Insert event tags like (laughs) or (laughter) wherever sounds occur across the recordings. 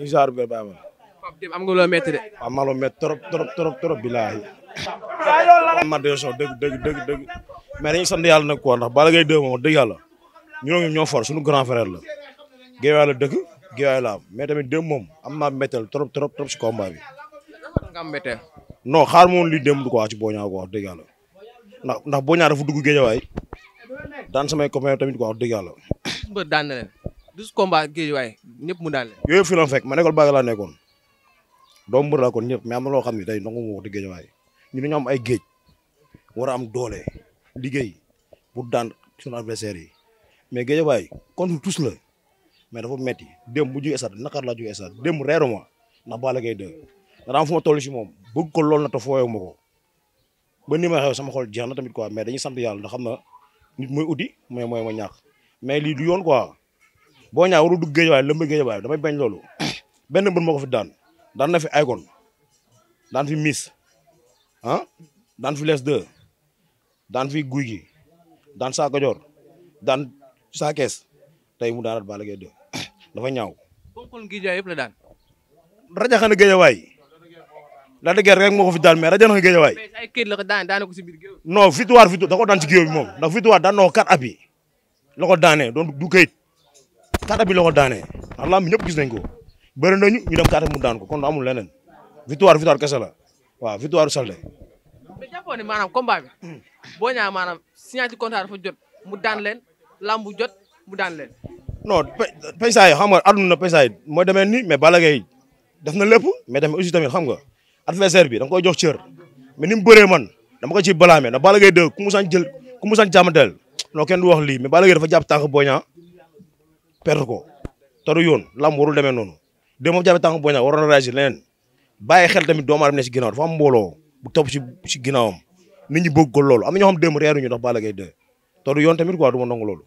incha allah. Pape Demba am nga loo métti de. waaw maa loo trop trop trop trop ma de so dëgg dëgg dëgg dëgg mais dañuy sant yàlla nag quoi ndax Balla Gaye 2 moom dëgg yàlla ñoo ñoo for suñu grand frère la. Géewaay la dëkk Géewaay am mais tamit démb moom am naa métteel trop trop trop si combat bi. xaar moom li démb quoi ci Boña quoi wax dëgg ndax ndax Boña dafa dugg Géejawaay daan samay copain tamit quoi wax dëgg douze combats géej waaye ñëpp mu daal yooyu fi la fekk ma nekkoon bàgg laa nekkoon doom mbër laa kon ñëpp mais am na loo xam ne day nangu ma wax di géej waaye ñu am ay géej war am doole liggéey pour daan suñu adversaire yi mais géej waaye contre tous la mais dafa metti démb bu jógee stade naqar laa jógee stade démb reeruma ndax Balla Gaye 2 da am fu ma toll si moom bëgg ko lool na te fooyoo ma ko ba ni ma xew sama xol jeex na tamit quoi mais dañuy sant yàlla ndax xam na nit mooy uddi mais mooy ma ñàkk mais lii du yoon quoi boo ñaa warul dugg géejawaay lëmb géejawaay damay bañ loolu (clears throat) benn mbër moo ko fi daan daan na fi Akon daan fi Miss ah daan fi les deux daan fi guy gi daan saa Kajoor daan saa kees mu daanat Balla Gaye 2 (clears throat) dafa ñaaw. bokkul géejawaay yëpp daan. rajaxana géejawaay ko fi daan mais rajo na ko géejawaay. daan daan ko si biir géew. non victoire victoire da ko daan ci géew bi daan na ko quatre appuis la ko daanee doon kàdda bi la ko daanee ndax lamb ñëpp gis nañ ko bëri nañu ñu dem kàdda mu daan ko kon amul leneen victoire victoire kese la waaw victoire Saldé. mais jàppoon ne maanaam combat bi. boo ñaaw maanaam signature jot mu daan leen lamb jot mu daan leen. non paysaa yi xam nga àdduna paysaa yi mooy demee nii mais Balla def na lépp mais tamit aussi tamit xam nga adversaire bi da nga koy jox cër mais ni mu bëree man na ko ciy balaamee ndax Balla Gaye dëgg ku mu sañ jël ku mu sañ jàmmanteel non kenn du wax lii mais Balla Gaye dafa jàpp tànk perte ko te du yoon lamb warul demee noonu démb moom jàppe tànk booy ñaa waroon a xel tamit doomu aadama ne si ginnaaw dafa mbooloo bu topp si si ginnaawam nit ñi bëgg ko loolu am na ñoo xam démb yoon tamit quoi du ma nangu loolu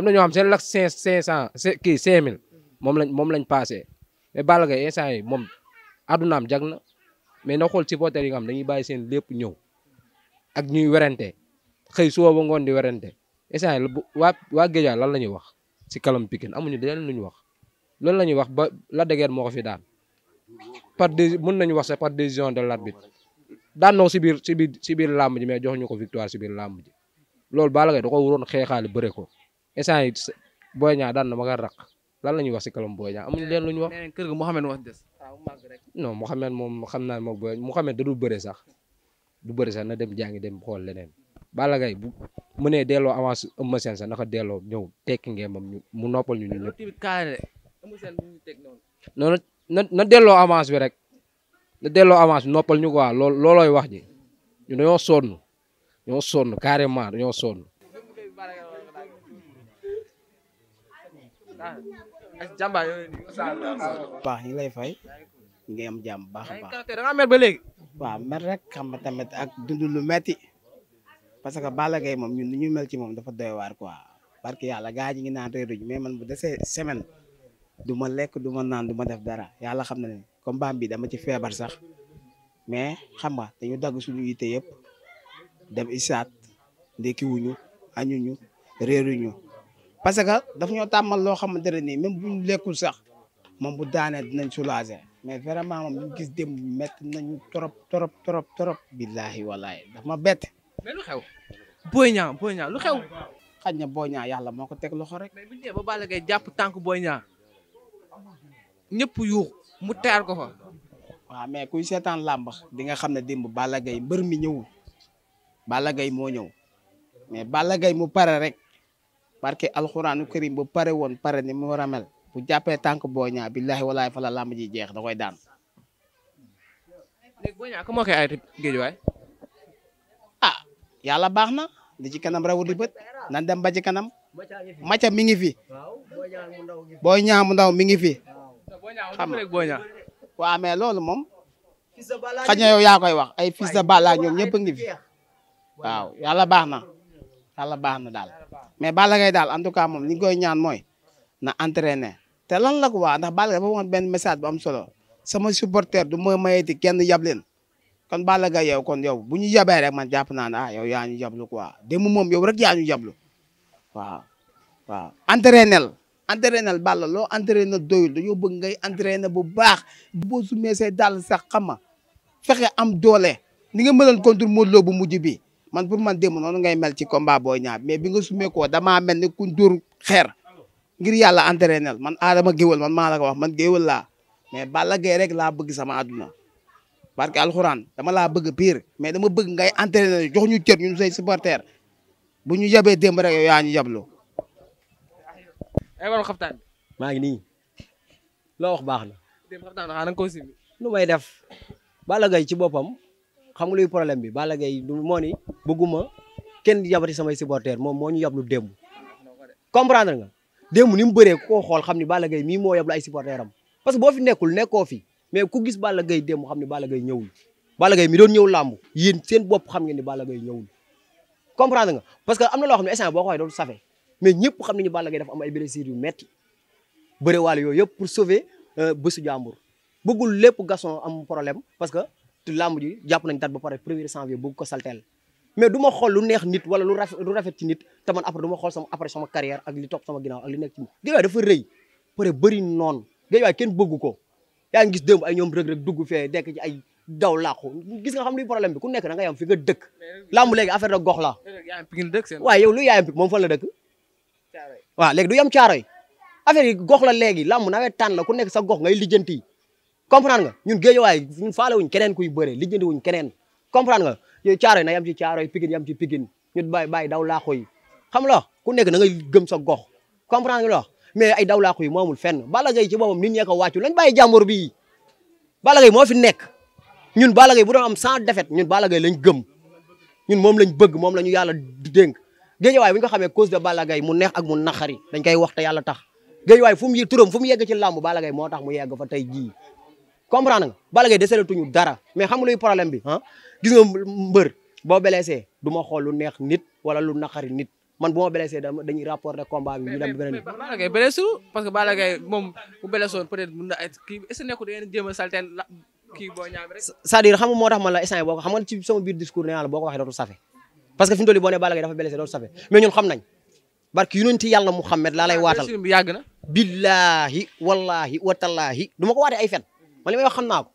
am na ñoo xam seen lak cinq cinq cent kii mille moom lañ moom lañ passé mais Balla yi moom addunaam jag na mais na xool supporters yi nga xam dañuy bàyyi seen lépp ñëw ak ñuy werante xëy su ba ngoon di werante instant yi waa waa Géejawaay lan la ñuy wax si kalam Pikine amuñu leneen lu ñu wax loolu la ñuy wax ba la degeer moo ko fi daan par des mën nañu wax sax par décision de l'arbitre daan na ko si biir si biir si biir làmb ji mais jox ñu ko victoire si biir làmb ji loolu Balla Gaye da ko waroon xeexaale bëre ko instant yi Boy Niang daan na ma nga raq lan la ñuy wax si kalam Boy Niang amuñu leen lu ñu wax. nee kër ga Mouhamed wax des. waaw màgg rek. non Mouhamed moom xam naa moom Boy Mouhamed da du bëre sax du bëre sax na dem jàngi dem xool leneen. Balla Gaye bu mënee delloo avance Eumeu Sène sax naka delloo ñëw tekki ngeen moom ñu mu noppal ñu ñun ñëpp. noonu na na delloo avance bi rek na delloo avance bi noppal ñu quoi lool loolooy wax ji ñu dañoo sonn ñoo sonn Ah, jàmbaar yooyu baax ñu lay fay ñu ngi am jàmm baax baax da rek xam nga tamit ak dund lu metti parce que Balla Gaye moom ñun ni ñu mel ci moom dafa doy waar quoi parce que yàlla gaa ñi ngi naan réeruñ mais man bu desee semaine du ma lekk du ma naan du ma def dara yàlla xam na ne combat bi dama ci feebar sax mais xam nga dañu dagg suñu yitte yëpp dem isaat ndekkiwuñu añuñu réeruñu parce que daf ñoo tàmmal loo xamante ne nii même buñ lekkul sax moom bu daanee dinañ soulager mais vraiment moom ñu gis démb métti nañ trop trop trop trop. billahi wallahi daf ma bett. lu xew. Boy Niang Boy lu xew. xaj na Boy ñaa yàlla moo ko teg loxo rek. mais bu ñu Balla Gaye jàpp tànk booy Niang ñëpp yuux mu teer ko fa. waaw mais kuy seetaan làmb di nga xam ne démb Balla Gaye mbër mi ñëwul Balla Gaye moo ñëw mais Balla Gaye mu pare rek. parce barke alxuraanu karim ba pare woon pare ni mu war a mel bu jàppee tànk Boy Niang billahi walaay fa la jeex da koy daan. léegi ah yàlla baax na li ci kanam rawu di bët nan dem ba ci kanam. macha mi ngi fi. Boy Niang mu ndaw mi ngi fi. xam loolu moom. xaj na yaa koy wax ay fils de ñoom ñëpp a ngi fi. waaw yàlla baax na yàlla baax na daal. mais Balla Gaye daal en tout cas moom li ñu koy ñaan mooy na entraîner te lan la ko waa ndax Balla Gaye dafa benn message bu am solo sama supporter du ma mayeeti kenn yab leen kon Balla Gaye yow kon yow bu ñu yabee rek man jàpp naa ne ah yow yaa ñu yablu quoi démb moom yow rek yaa ñu yablu waaw waaw entraîner entraîner Balla loo entraîner doyul dañoo bëgg ngay entraîner bu baax boo sumee say dàll sax xam nga fexe am doole ni nga mënoon contre Modou bu mujj bi man pour man démb noonu ngay mel ci combat Boy Niang mais bi nga sumee koo damaa mel ni kuñ dóor xeer ngir yàlla entraînel man Adama géwal man maa la wax man géwal laa mais Balla Gaye rek laa bëgg sama àdduna parce alxuraan dama laa bëgg pire mais dama bëgg ngay entraînel jox ñu cër ñun say supporter bu ñu yabee démb rek yow yaa ñu yabloo. ay war maa ngi nii loo baax na. démb xaftaan ko simbi. nu may def Balla Gaye ci boppam. xam nga luy problème bi Balla Gaye du moo ni bëgguma kenn yabati samay supporter moom moo ñu yablu démb comprendre nga démb ni mu bëree koo xool xam ni Balla Gaye mii moo yablu ay supporter am parce que boo fi nekkul nekkoo fi mais ku gis Balla Gaye démb xam ni Balla Gaye ñëwul Balla Gaye mi doon ñëw làmb yéen seen bopp xam ngeen ni Balla Gaye ñëwul comprendre nga parce que am na loo xam ne instant boo xoolee doon safee mais ñëpp xam nañu Balla Gaye dafa am ay blessures yu metti bëre waale yooyu yëpp pour sauver euh, bésu jàmbur bëggul lépp Gaston am problème parce que te làmb ji jàpp nañ date ba pare premier janvier bëgg ko salteel mais du ma xool lu neex nit wala lu rafet lu rafet ci nit te man du ma xool sama après sama carrière ak li topp sama ginnaaw ak li nekk ci géejawaay dafa rëy pare bëri noonu géejawaay kenn bëggu ko yaa ngi gis démb ay ñoom rëg-rëg dugg fee dekk ci ay daw làqu gis nga xam luy problème bi ku nekk da nga yam fi nga dëkk làmb léegi affaire da gox la waaw yow lu yaayam pik moom fan la dëkk waaw léegi du yam caaroy affaire yi gox la léegi làmb nawet tànn ku nekk sa gox ngay lijjanti comprendre nga ñun géejawaay ñun faale wuñ keneen kuy bëre lijjanti wuñ keneen comprendre nga na yam ci caaro yi pikin yam ci pikin ñu bàyyi bàyyi daw laaxu yi xam ku nekk na gëm sa gox comprendre nga la mais ay daw laaxu yi moomul fenn Balla Gaye ci boppam nit ñee ko lañ bàyyi jàmbur bi Balla Gaye moo fi nekk ñun Balla Gaye bu doon am sans défaite ñun Balla Gaye lañ gëm ñun moom lañ bëgg moom la ñu yàlla dénk géejawaay bu ñu xamee cause de Balla Gaye mu neex ak mu naqari dañ koy wax te yàlla tax géejawaay fu mu turam fu mu yegg ci làmb Balla Gaye moo tax mu yegg fa tey jii comprendre nga Balla Gaye desalatuñu dara mais xam nga luy problème bi ah? gis nga mbër boo blessé du ma xool lu neex nit wala lu naqari nit man bu ma blessé dañuy rapporter ñu dem beneen Balla Gaye blessé parce que Balla Gaye moom bu blessé moo tax man la instant boo ko xam nga sama biir discours nee naa boo ko waxee dootu safe parce que fi mu boo nee Balla Gaye dafa blessé dootu safe mais ñun xam nañ barke yonent yàlla Muhammad laa lay waatal yàgg na billaahi wallaahi watallaahi du ma ko waatee man li may wax xam naa ko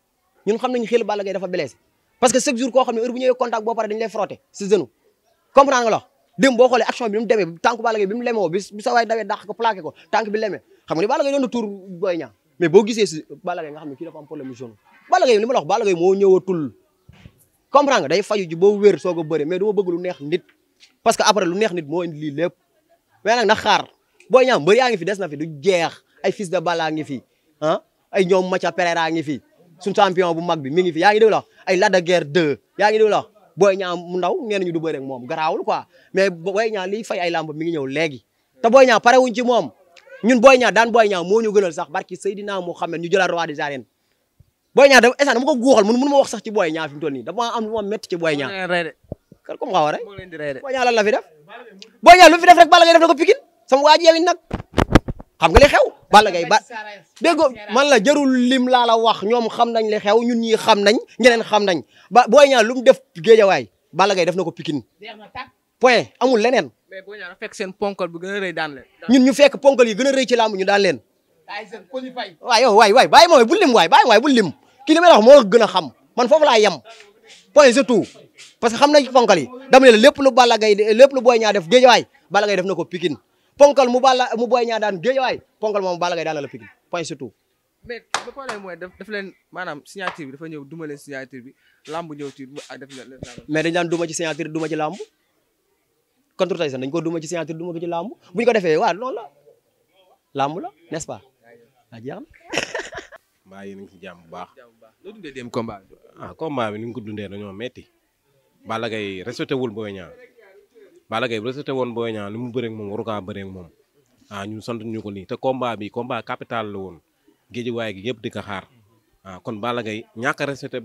ñun xam nañu xel Balla Gaye dafa blessé parce que chaque jour koo xam ne heure bu ñëwee contact boo paree dañu lay frotté si genou comprendre nga la dem boo xoolee action bi ni mu demee tànk Balla Gaye bi mu lemoo bi sa waay dawee dàq ko plaqué ko tànk bi lemee xam nga ni Balla Gaye doon na tuur Boy Niang mais boo gisee si Balla Gaye nga xam ne kii dafa am problème genou Balla Gaye li ma la wax Balla Gaye moo ñëwatul comprendre nga day faju ji boo wér soog a bëri mais du ma bëgg lu neex nit parce que après lu neex nit moo indi lii lépp mais nag na xaar Boy Niang mbër yaa ngi fi des na fi du jeex ay fils de Balla ngi fi ah ay ñoom Macha Pereira ngi fi suñu champion bu mag bi mi ngi fi yaa ngi dégg la ay de Guiers 2 yaa ngi dégg la Boy Niang moom garaawul quoi mais Boy Niang liy ay lamb mi ngi ñëw léegi te Boy Niang parewuñ moom ñun Boy Niang daan Boy Niang moo ñu gënal barki Seydina Mouhamed ñu jëlaat roi des arènes Boy Niang dafa instant ma wax sax ci Boy ma métti ci Boy Niang kar comme xaw rek Boy Niang lan la fi def Boy Niang lu fi def rek xam nga li xew. Balla Gaye ba man la jarul lim laa la wax ñoom xam nañ li xew ñun ñii xam nañ ñeneen xam nañ ba Boy Niang lu mu def géejawaay Balla Gaye def na ko Pikine point amul leneen. mais Boy Niang fekk seen ponkal bu gën a rëy daan ñun ñu fekk ponkal yi gën a rëy ñu daan leen. waaw yow waay waay bàyyi ma waay bu lim waay bàyyi ma waay bu lim kii li may wax moo gën a xam man foofu laa yem point c'est tout parce que xam nañ ponkal yi dama ne lépp lu Balla Gaye lépp lu Boy Niang def géejawaay Balla Gaye def na ko Pikine ponkal mu Balla mu booy ñaa daan Guédiawaye ponkal moom Balla Gaye daan na la Pikine point surtout. mais le leen maanaam signature bi dafa ñëw duma leen signature bi lamb ñëw ci ah, def leen mais dañ daan duma ci signature duma ci lamb contre Tyson dañ ko duma ci signature duma ko ci lamb bu ñu ko defee waaw noonu la lamb la n'est-ce pas waa jeex na. (laughs) mbaa yi nañ ci jàmm bu baax. loo dundee dem ah, bi. ni ñu ko dundee dañoo metti Balla Gaye respecté wul Boy ñaa Balla Gaye bu respecté woon Boy Niang li mu bëreeg moom waru kaa bëreeg moom ah ñu sant ñu ko lii te combat bi combat capital la woon géej waaye gi yëpp di ko xaar ah kon Balla Gaye ñàkk a respecté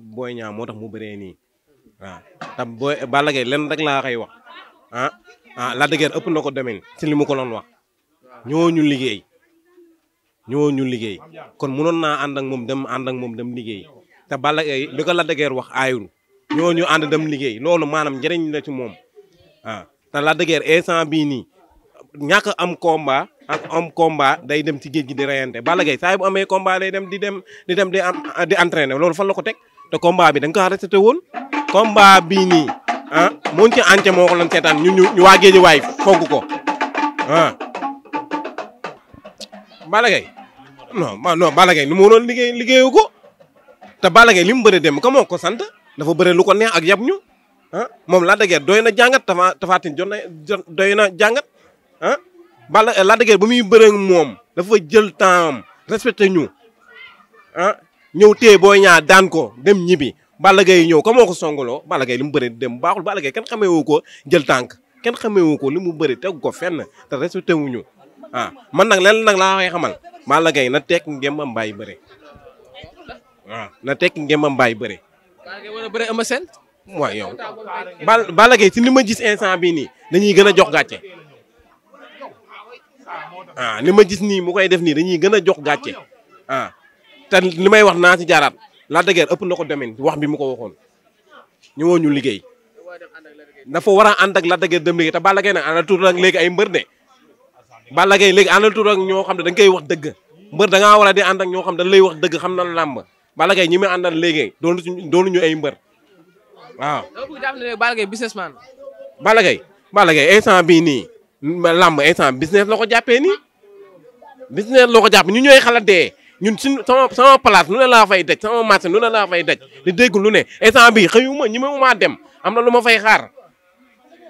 moo tax mu bëree nii waaw ah, tam Boy Balla rek laa koy wax ah ah ëpp na ko demee ci li mu ko doon wax ñooñu liggéey ñooñu liggéey kon mënoon naa ànd ak moom dem ànd ak moom dem liggéey te Balla Gaye li ko Lac de Guiers wax aayul ñooñu ànd dem liggéey loolu maanaam njëriñ la ci moom ah, te la de Guiers instant bii nii ñàkk am komba ak am komba day dem ci géej gi di reyante Balla Gaye saa bu amee komba day dem di dem di dem di am di entraîner loolu fan la ko teg te bi da nga ko woon. combat bii nii ah mooñ ci ance moo ko lan seetaan ñu ñu ñu waa géej waay foogu ko ah. Balla Gaye non non Balla ni mu waroon liggéey liggéeyu ko te Balla Gaye li mu bëri dem ka moo ko sant dafa bëri lu ko neex ak yab ñu. ah moom Lac de doy na jàngat Tapha Tapha Tine doy na jàngat ah Balla Lac de ba muy bëre moom dafa jël temps respecté ñu ah ñëw téye booy ñaa daan ko dem ñibbi Balla Gaye ñëw ko moo ko songaloo Balla Gaye li mu bëri dem baaxul Balla Gaye kenn xamee woo ko jël tànk kenn xamee woo ko li mu bëri tegu ko fenn te respecté wuñu ah man nag lenn nag la koy xamal Balla na tekk ngémba mbay bëre waaw na tekk ngémba mbaay bëre. Balla Gaye war a mooy yow Balla Balla Gaye si li ma gis instant bii nii dañuy gën a jox gàcce ni ah, ma gis nii mu koy def nii dañuy gën a jox gàcce ah ni may wax naa si jaaraat Lac de ëpp na ko demin wax bi mu ko waxoon ñëwoo ñu liggéey dafa war a ànd ak Lac de Guiers dem liggéey te Balla Gaye nag àndal tuur ak léegi ay mbër de Balla Gaye léegi àndal ak ñoo xam ne dañ koy wax dëgg mbër da ngaa war a di ànd ak ñoo xam dañ lay wax dëgg xam na làmb Balla Gaye ñi muy àndal léegi doonu doonu ay mbër waaw. dama bëgg jàpp ne Balla Gaye businessman. Balla Gaye Balla Gaye instant bii nii business la ko jàppee nii business la ko jàpp ñu ñooy xalaat dee ñun suñu sama sama place lu ne laa fay daj sama marché lu ne laa fay daj di dégg lu ne instant bi xëyuma ñi ma maa dem am na lu ma fay xaar.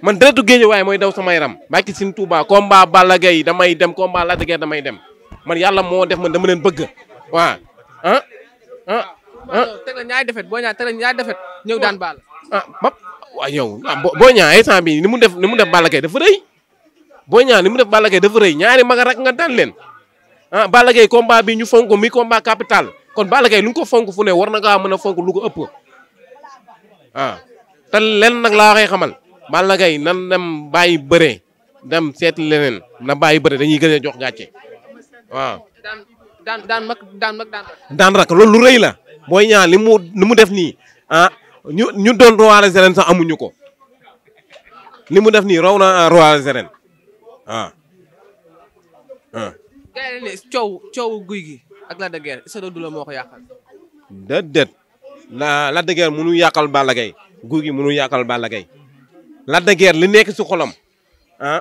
man deretu géej waaye mooy daw sama yaram bàkki sin Touba combat Balla Gaye damay dem combat Lac de Guiers damay dem man yàlla moo def man dama leen bëgg waaw a ah ah. teg la ñaari defet boo ñaar la ñaari defet ñëw a ah, bap waaw yow ah boo ñaa instant bi ni mu def ni mu def Balla dafa rëy boo ñaa ni mu def Balla dafa rëy ñaari mag rak nga daan leen ah Balla Gaye combat bi ñu fonk mi combat capital kon Balla Gaye lu ko fonk fu ne war na ngaa mën a fonk lu ko ëpp ah te leen nag la koy xamal Balla Gaye nan dem bàyyi bëre dem seet leneen na bàyyi bëre dañuy gën a jox gàcce waaw. daan daan daan loolu rëy la booy ñaa li mu def nii ah, ñu ñu doon roi des arènes sax amuñu ko ni mu def nii raw na roi des arènes ah ah. coow guy gi ak Lac de Guiers doo du moo ko yàqal. déedéet la Lac de Guiers mënu yàqal Balla Gaye guy gi mënu yàqal Balla Gaye Lac de Guiers li nekk si xolam a ah,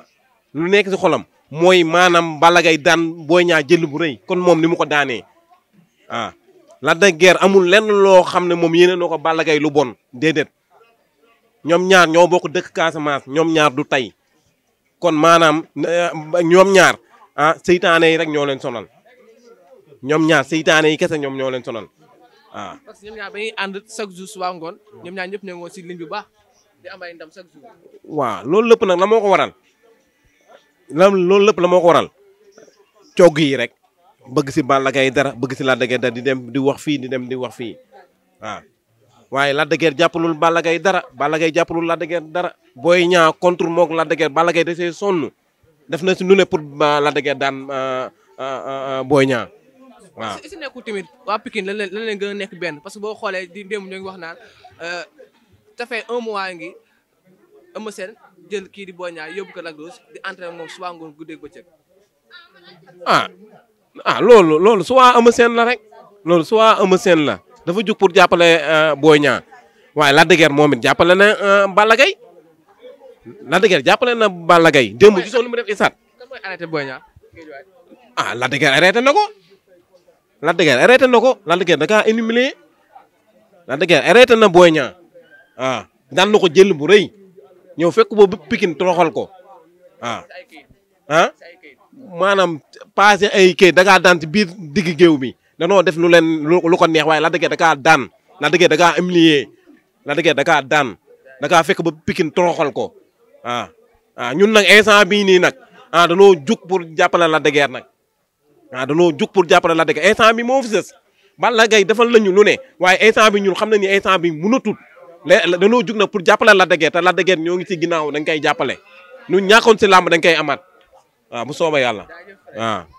lu nekk si xolam mooy maanaam Balla Gaye daan booy ñaa jël bu rëy kon moom ni mu ko daanee ah. Lac de Guiers amul lenn loo xam ne moom yéene na ko bala Gaye lu bon déedéet ñoom ñaar ñoo bokk dëkk Casamance ñoom ñaar du tey kon maanaam eh, ñoom ñaar ah seytaane yi rek ñoo leen sonal ñoom ñaar seytaane yi kese ñoom ñoo leen sonal waaw. parce que ñoom ñaar ba ñuy ànd chaque jours suba ngoon ñoom ñaar ñëpp ñoo ngi woon si ligne bi bu baax di am ay ndam chaque waaw loolu lépp nag la moo ko waral la loolu lépp la moo ko waral cogg yi rek. bëgg si Balla Gaye dara bëgg si Lac de Guiers dara di dem di wax fii di dem di wax fii waaw waaye Lac de jàppalul Balla Gaye dara Balla Gaye jàppalul Lac de dara Boy ñaa contre moog Lac de Guiers Balla Gaye sonn def na si nu ne pour euh, Lac de daan euh, euh, Boy Niang waa si nekkul tamit waa Pikine lan gën a nekk benn parce que boo xoolee di démb ñoo ngi wax naan ça fait un mois ngi Eumeu Sène jël kii di Boy ñaa yóbbu ko Lac Rose di entraîné moom suba ngoon guddeeg bëccëg ah, ah loolu loolu su waa Eumeu la rek loolu su waa Eumeu la dafa jug pour jàppale euh, Boy Niang waaye Lac de Guiers moom euh, jàppale na Balla Gaye Lac de na Balla Gaye démb gisoon lu mu def isaat. kan mooy arrêté Boy Niang ah Lac de Guiers arrêté na ko Lac na ko Lac de Guiers da kaa humilier Lac de Guiers na Boy Niang ah, ko jël bu rëy ñëw fekk ko ah. maanaam passé ay kay da ngaa daan ci biir digg géew bi danoo def lu leen lu ko neex waaye Lac de da kaa daan Lac de Guiers da kaa humilier Lac de daan da kaa fekk ba Pikine toroxal ko ah ah ñun nag instant bii nii nag ah danoo jug pour jàppale Lac de Guiers nag ah danoo jug pour jàppale Lac de Guiers instant bi moo fi des Balla Gaye defal nañu lu ne waaye instant bi ñun xam na ni instant bi mënatul la danoo jug nag pour jàppale Lac de Guiers te Lac de ñoo ngi si ginnaaw dañ koy jàppale ñun ñàkkoon si làmb dañ koy amaat. waaw ah, bu soobee yàlla waaw.